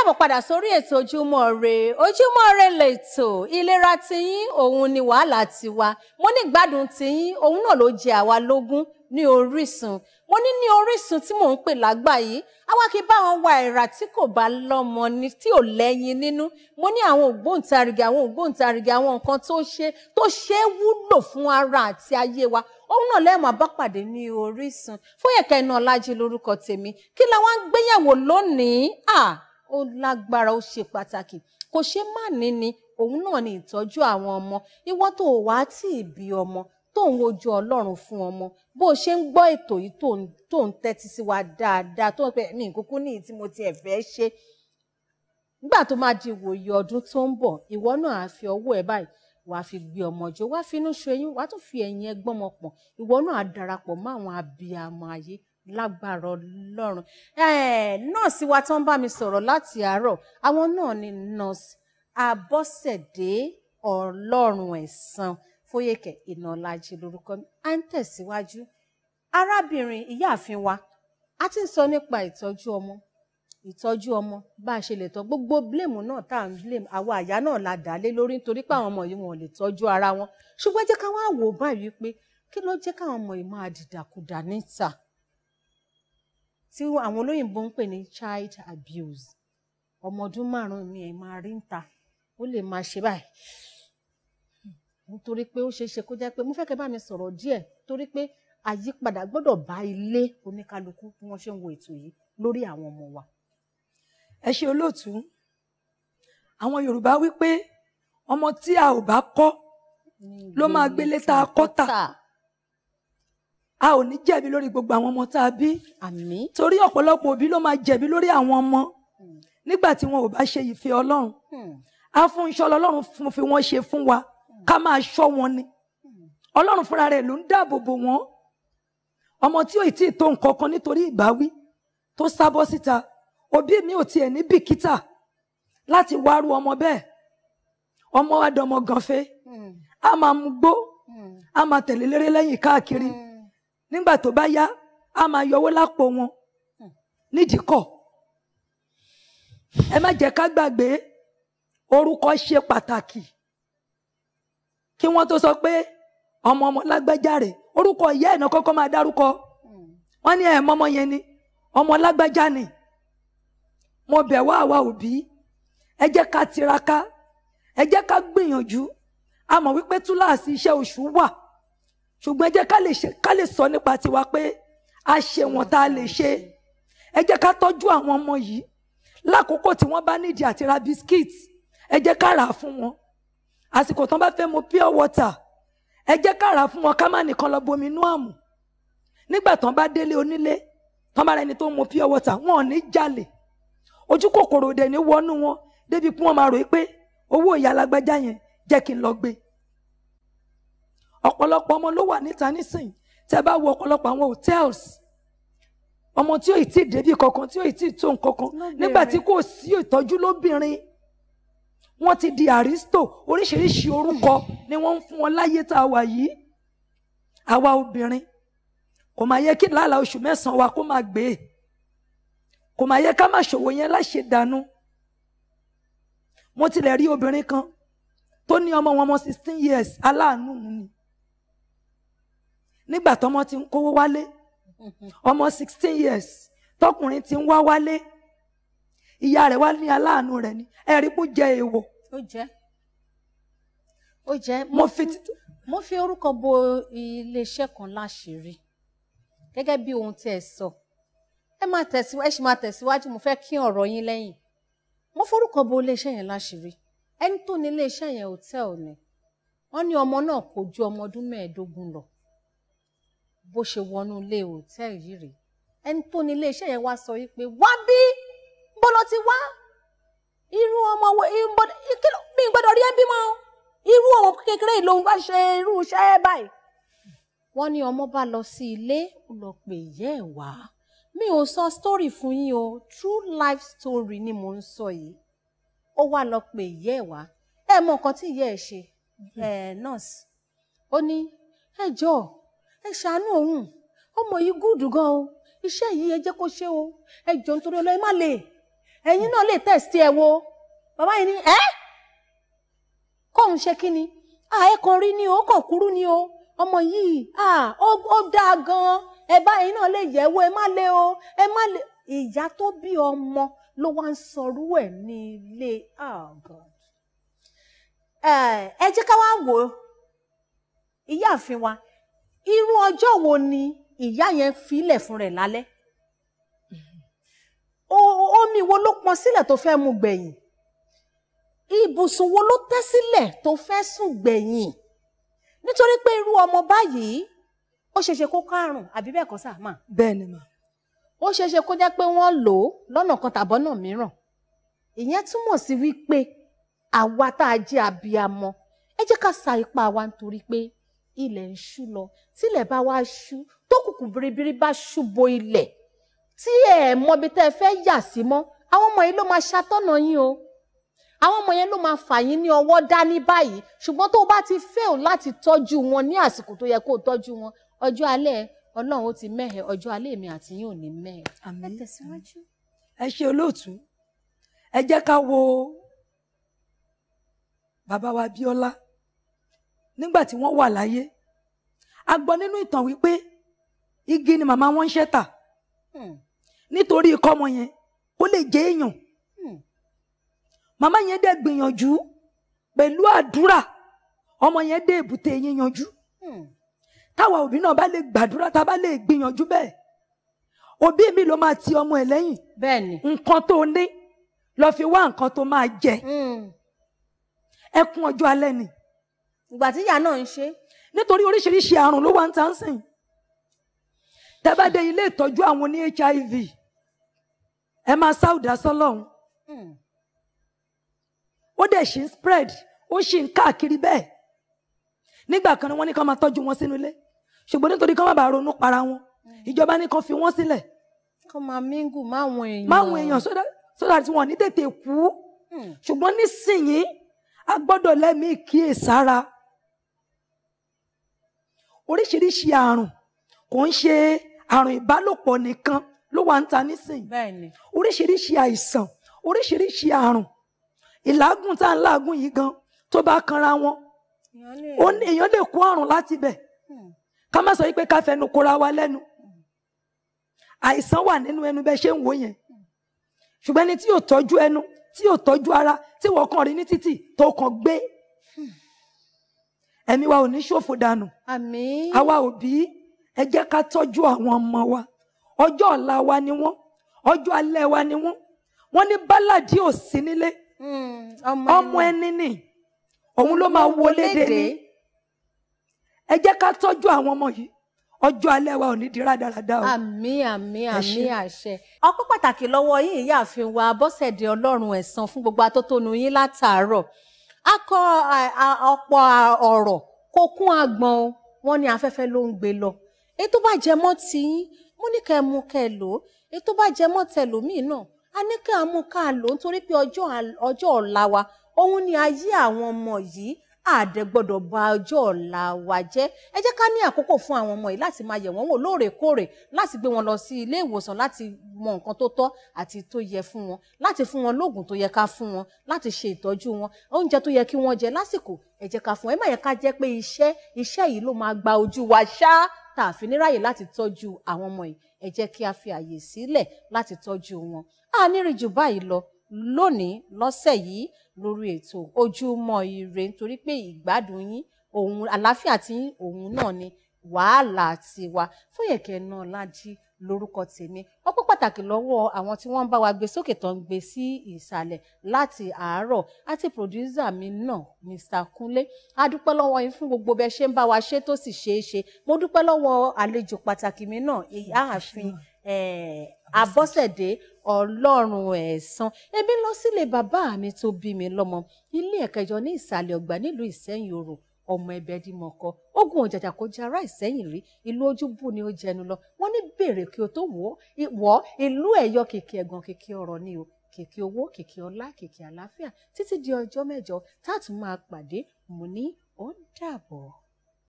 káàbọ̀ padà sórí ètò ojúmọ́ re ojúmọ́ re lètò ìlera tiyín òun ni wàhálà tiwa mo ní gbádùn tiyín òun náà ló jẹ àwa lógún ní Orísun mo ní ní Orísun tí mò ń pè lágbà yìí àwa kì í bá wọn wá ẹ̀rà tí kò bá lọ́mọ ni tí ò lẹ́yìn nínú mo ní àwọn ògbóǹtarìgì àwọn ògbóǹtarìgì àwọn nǹkan tó ṣe tó ṣe é wúlò fún ara àti ayé wa òun náà lẹ́ẹ̀mọ abápàdé ní Orísun Fóyèkẹ́ Inaọlájí lórúkọ tèmi kí la wá ń gbéyẹ̀wò lónìí ó lágbára ó ṣe pàtàkì kò ṣe má ní ni òun náà ni ìtọ́jú àwọn ọmọ ìwọ tó wá tí ì bí ọmọ tó ń wojú ọlọ́run fún ọmọ bó o ṣe ń gbọ́ ètò yìí tó ń tẹ́tí sí wa dáadáa tó ń pẹ́ mi kúkú ní ìyí tí mo tiẹ̀ fẹ́ ṣe nígbà tó máa di ìwòye ọdún tó ń bọ̀ ìwọ náà á fi ọwọ́ ẹ báyìí wàá fi gbé ọmọ jọ wàá fi inú ṣoyún wàá tún fi ẹ̀yìn ẹgbọ́n ọmọ pọ̀ ìwọ náà á darapọ̀ mọ́ àwọn abiyamọ ayé lágbára ọlọ́run nọ́ọ̀sì wa tó ń bá mi sọ̀rọ̀ láti àárọ̀ àwọn náà ni nọ́ọ̀sì Abọ́sẹ̀dé ọlọ́run ẹ̀san Fóyèkẹ́ Ìnàọlájí lórúkọ mi à ń tẹ̀síwájú arábìnrin ìyáàfin wa a ti ń sọ nípa ìtọ́jú ọmọ ìtọ́jú ọmọ bá a ṣe lè tọ́ gbogbo blame náà tá à ń blame àwa àyà náà la dà lé lórí nítorí pé àwọn ọmọ yìí wọn ò lè tọ́jú ara wọn ṣùgbọ́n jẹ́ ká wá báyìí pé kí ló jẹ́ káwọn ọmọ yìí máa dìdàkudà níta tí àwọn olóyìnbó ń pè ní child abuse ọmọ ọdún márùn-ún ni ẹ máa rí ń ta ó lè máa ṣe báyìí hmm. nítorí pé ó ṣeé ṣe kó jẹ́ pé mo fẹ́ kẹ́ bá mi sọ̀rọ̀ díẹ̀ torí pé àyípadà gbọ́dọ̀ bá ilé oníkálukú bí wọ́n ṣe ń wo ètò yìí lórí àwọn ọmọ wa. ẹ ṣe olóòtú àwọn yorùbá wí pé ọmọ tí a ò bá kọ́ ló máa gbélé tá a kọ́ tà a ò ní jẹ̀bi lórí gbogbo àwọn ọmọ tá a bí àmín torí ọ̀pọ̀lọpọ̀ òbí ló máa jẹ̀bi lórí àwọn ọmọ hmm. nígbà tí wọn ò bá ṣe ìfẹ́ ọlọ́run hmm. afúnṣọ lọ́lọ́run fi wọ́n ṣe fún wa hmm. ká máa ṣọ́ wọn ni ọlọ́run fúnra rẹ̀ ló ń dáàbò bò wọ́n ọmọ tí ò tí ì tó nǹkan kan nítorí ìbáwí tó sábọ́ síta òbí mi ò tiẹ̀ ní bìkítà láti wárú ọmọ bẹ́ẹ̀ ọmọ wa dọmọ ganfe a máa mú gbó a máa tẹ̀lé léré lẹ́yìn káàkiri. Mm nígbà tó bá yá a máa yọwó lápò wọn nídìí kọ ẹ má jẹ́ ká gbàgbé orúkọ ṣe pàtàkì kí wọ́n tó sọ pé ọmọ ọmọ lágbájá rẹ̀ orúkọ ìyá ẹ̀ náà kọ́kọ́ máa dárúkọ wọ́n ní ẹ̀ mọ́mọ́ yẹn ni ọmọ lágbájá ni mo bẹ̀ wá àwa òbí ẹ jẹ́ ká tiraka ẹ jẹ́ ká gbìyànjú a mọ̀ wípé túláàsì iṣẹ́ oṣù wà ṣùgbọ́n ẹ jẹ́ ká lè sọ nípa tiwa pé a ṣe wọn tá a lè ṣe ẹ jẹ́ ká tọ́jú àwọn ọmọ yìí lákòókò tí wọ́n bá nídìí àti ra biscuit ẹ jẹ́ ká rà á fún wọn àsìkò tán bá fẹ́ mu pure water ẹ jẹ́ ká rà á fún wọn ká má nìkan lọ bomi inú àmù nígbà tán bá délé onílé tán bá ra ẹni tó ń pure water wọn ò ní jalè ojú kòkòrò dẹ̀ ní wọnú wọn débi pé wọ́n máa rò pé owó ìyá alágbájá yẹn jẹ́ kí n lọ gbé e ọ̀pọ̀lọpọ̀ ọmọ ló wà níta nísìnyí tẹ́ bá wo ọ̀pọ̀lọpọ̀ àwọn hotels ọmọ tí yóò tí ì débi kankan tí yóò tí ì tó nǹkankan nígbà tí kò sí ìtọ́jú lóbìnrin wọ́n ti di àrísítò oríṣiríṣi orúkọ ni wọ́n ń fún wọn láyé tá a wà yìí àwa obìnrin kò máa yẹ kí làálàá oṣù mẹ́sàn-án wa kó máa gbé e. kò máa yẹ ká má ṣòwò yẹn láṣẹ dànù mo tilẹ̀ rí obìnrin kan tó ní ọmọ wọn ọmọ sixteen years aláàánú ni nígbà tọmọ ti ń kówó wálé ọmọ sixteen years tọkùnrin ti ń wá wálé ìyá rẹ̀ wá ní aláàánú rẹ̀ ni ẹ̀rí kú jẹ èèwọ̀. ó jẹ́ ó jẹ́ mo fi mo fi orúkọ bo iléeṣẹ́ kan láṣìírí gẹ́gẹ́ bí ohun tí ẹ sọ ẹ máa tẹ̀síwájú ẹ sì máa tẹ̀síwájú mo fẹ́ kí ọ̀rọ̀ yín lẹ́yìn mo forúkọ bo iléeṣẹ́ yẹn láṣìírí ẹni tó ní iléeṣẹ́ yẹn hòtẹ́ẹ̀lì ni wọ́n ní ọmọ náà kò ju ọmọ ọdún mẹ́ẹ̀ẹ́dógún lọ bó ṣe wọnú ilé hòtẹ́ẹ̀lì yìí rèé ẹni tó ní iléeṣẹ́ yẹn wá sọ wípé wá bí bó ló ti wá irú ọmọ mi gbọ́dọ̀ rí ẹbí mọ́ irú ọmọ kékeré yìí lòun bá ṣe irú iṣẹ́ báyìí. wọ́n ní ọmọ bá lọ sí ilé ó lọ pè yẹ́ ẹ̀ wá mi ò sọ story fún yín o true life story ni mò ń sọ yìí ó wá lọ pè yẹ́ ẹ̀ wá ẹ mọ nǹkan tí ìyá ẹ̀ ṣe hmm. nurse ó ní ẹ jọ̀ọ́ ẹ ṣàánú òun ọmọ yìí gúùdù gan o iṣẹ́ yìí ẹ jẹ́ kó ṣe o ẹ jọ nítorí ọlọ́ ẹ má lè ẹ̀yin náà lè tẹ̀sítì ẹ wo bàbá yìí ni ẹ́ kóun ṣe kí ni ẹ kàn rí ni o ó kàn kúrú ni o ọmọ yìí ó dáa gan ẹ bá ẹ̀yin náà lè yẹ̀ wò ẹ má lè o ẹ má lè ìyá tó bí ọmọ ló wá ń sọrú ẹ̀ ní ilé oh, ẹ jẹ́ ká wá wò ó ìyáàfin wa irú ọjọ́ wo ni ìyá yẹn filẹ̀ fún rẹ̀ lálẹ́ omi wo ló pọn sílẹ̀ tó fẹ́ mu gbẹ̀yìn ibùsùn wo ló tẹ́ sílẹ̀ tó fẹ́ sùn gbẹ̀yìn nítorí pé irú ọmọ báyìí ó ṣeéṣe kó kárùn àbí bẹ́ẹ̀ kọ́ sá mà. bẹ́ẹ̀ ni mà. ó ṣeéṣe kó jẹ́ pé wọ́n lò ó lọ́nà kan tàbọ́nà mìíràn ìyẹn túmọ̀ sí wípé àwa tá a jẹ́ abiyamọ ẹ jẹ́ ká sa ipá wa nítorí pé ilẹ̀ ń ṣú lọ tílẹ̀ bá wá ṣú tó kùkù biribiri bá ṣú bo ilẹ̀ tí ẹ̀ mọbi tẹ́ ẹ fẹ́ yà sí mọ́ àwọn ọmọ yìí ló máa ṣàtọ̀nà yín o àwọn ọmọ yẹn ló máa fà yín ní ọwọ́ dání báyìí ṣùgbọ́n tó o bá ti fail láti tọ́jú wọn ní àsìkò tó yẹ kó o tọ́jú wọn ọjọ́ alẹ́ ọlọ́run ó ti mẹ́hẹ̀ ọjọ́ alẹ́ mi àti yín ò ní mẹ́hẹ̀. àmín ẹ ṣe olóòtú ẹ jẹ́ ká wo bàbá wa Bíọ́lá nígbà tí wọ́n wà láyé a gbọ́ nínú ìtàn wípé igi ni màmá wọn ń ṣẹ́tà hmm. nítorí ikọ́ ọmọ yẹn ó lè jẹ́ èèyàn hmm. màmá yẹn dẹ̀ gbìyànjú pẹ̀lú àdúrà ọmọ yẹn dé èbúté yín yanjú hmm. táwa òbí náà bá lè gbàdúrà tá a bá lè gbìyànjú bẹ́ẹ̀ òbí mi ló máa ti ọmọ ẹ̀ lẹ́yìn nǹkan tó ní lọ fi wá nǹkan tó máa jẹ ẹkún ọjọ́ alẹ́ ni. Mm ìgbà tí ìyá náà ń ṣe. nítorí oríṣiríṣi àrùn ló wà ń tàn sìn tẹ́ bá dé ilé ìtọ́jú àwọn ní HIV ẹ máa sáwùdà sọ́lọ́run hmm. ó dẹ̀ ṣì ń spread ó ṣì ń káàkiri bẹ́ẹ̀ nígbà kan ni wọ́n ní kán máa tọ́jú wọn sínú ilé ṣùgbọ́n nítorí kán má bàa ronú para wọn hmm. ìjọba ní kán fi wọ́n sílẹ̀. kán máa mingu máwọn èèyàn. máwọn èèyàn sódà sódà tí wọn ò ní tètè kú hmm. ṣùgbọ́n nísìnyí a gbọ́dọ̀ lẹ́mìí kíyèsára oríṣiríṣi àrùn kò ń ṣe àrùn ìbálòpọ̀ nìkan ló wà ń ta nísìnyí oríṣiríṣi àìsàn oríṣiríṣi àrùn ìlágùn tá à ń lágùn yìí gan tó bá kanra wọn èèyàn lè kó àrùn láti bẹ̀ hmm. ká má sọ wípé ká fẹnu kóra wa lẹ́nu àìsàn wà nínú ẹnu bẹ́ẹ̀ ṣe ń wò yẹn ṣùgbọ́n ẹni tí yóò tọ́jú ẹnu tí yóò tọ́jú ara tí wọ́n kàn rí ní títì tó kàn gbé hmm ẹ̀mí wa ò ní ṣòfò dànù àmín àwa òbí ẹ jẹ́ ká tọ́jú àwọn ọmọ wa ọjọ́ ọ̀la wa ni wọ́n ọjọ́ alẹ́ wa ni wọ́n wọ́n ní bálàdì ò sí nílé hmm, ọmọ ẹni ni òun ló máa wọlé dé ni ẹ jẹ́ ká tọ́jú àwọn ọmọ yìí ọjọ́ alẹ́ wa ò ní di rádaràda o. àmín àmín àmín àṣẹ. ọpẹ́ pàtàkì lọ́wọ́ yín ìyáàfin wa bọ́sẹ̀dé ọlọ́run ẹ̀san fún gbogbo atótónu yín látàárọ̀ a kọ ọ̀pọ̀ ọ̀rọ̀ kò kún agbọ̀n o wọ́n ní afẹ́fẹ́ ló ń gbé lọ ètò bá jẹ mọ́ tiyín mo ní kẹ́ ẹ mú kẹ́ ẹ lò ó ètò bá jẹ mọ́ tẹlòmíì náà a ní kẹ́ ẹ mú ká lò ó nítorí pé ọjọ́ ọ̀la wa òun ni ayé àwọn ọmọ yìí àdẹ gbọ́dọ̀ ba ọjọ́ ọ̀la wa jẹ́ ẹ jẹ́ ká ní àkókò fún àwọn ọmọ yìí láti máa yẹ̀ wọ́n wò lóòrèkóòrè láti gbé wọn lọ sí ilé ìwòsàn láti mọ nǹkan tó tọ́ àti tó yẹ fún wọn láti fún wọn lóògùn tó yẹ ká fún wọn láti ṣe ìtọ́jú wọn oúnjẹ tó yẹ kí wọ́n jẹ lásìkò ẹ jẹ́ ká fún wọn ẹ má yẹ ká jẹ́ pé iṣẹ́ iṣẹ́ yìí ló máa gba ojú wa ṣáá tá a fi ní ráyè láti tọ́jú àwọn ọmọ yìí ẹ jẹ́ kí a fi àyè sílẹ̀ láti tọ́jú wọn àá nírí jù báyìí lọ lónìí lọ́sẹ̀ yìí lórí ètò ojúmọ́ ire nítorí pé ìgbádùn yín òun àlàáfíà tí òun náà ni wàhálà tiwa Foyeke Inaolaji lórúkọ tèmi ọpẹ́ pàtàkì lọ́wọ́ àwọn tí wọ́n ń bá wa gbé sókè tó ń gbé sí ìsàlẹ̀ láti àárọ̀ àti pòdúsà mi náà Mr Kunle a dúpẹ́ lọ́wọ́ yín fún gbogbo bẹ ṣe ń bá wa ṣe tó sì ṣe é ṣe mo dúpẹ́ lọ́wọ́ àlejò pàtàkì mi náà ìyá àfin Abọ́sẹ̀dé Ọlọ́run ẹ̀san èmi lọ sílé bàbá mi tó bí mi lọ́mọ ilé ẹ̀kẹjọ ní ìsàlẹ̀ ọgbà nílùú Ìsẹ́yìn Òrò ọmọ ẹbẹ dí mọ kọ ogun ọjàjà kò jẹ ará Ìsẹ́yìn rí ìlú ojúbù ni ó jẹnu lọ wọ́n ní bèrè kí o tó wọ ìlú Ẹ̀yọ̀ kìkì ẹ̀gbọ́n kìkì ọ̀rọ̀ ni o kìkì owó kìkì ọlá kìkì àlàáfíà títí di ọjọ́ mẹ́jọ tá a tún máa pàdé mo ní ó dàbọ̀.